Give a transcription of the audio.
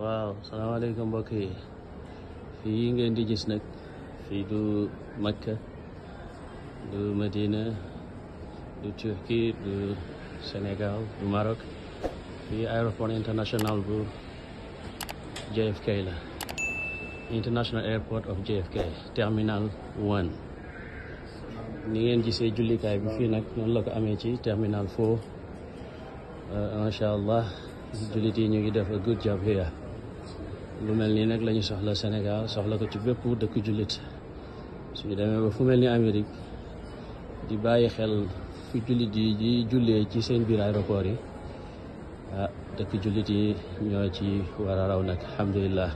waaw salaamaaleykum mbokk yi fii ngeen di gis nag fii du Makka du Medina du Turquie du Sénégal du Maroc fii aéroport international bu JFK la International Airport of JFK terminal one ni ngeen gisee jullikaay bi fii nag noonu la amee ci terminal four incha uh, allah jullit yi ñu ngi def a good job here lu mel nii nag la soxla Sénégal soxla ko ci bépp dëkk jullit suñu demee ba fu mel ni Amérique di bàyyi xel fi jullit yi di jullee ci seen biir aéroport yi ah dëkk jullit yi ñoo ci war a raw nag alhamdulilah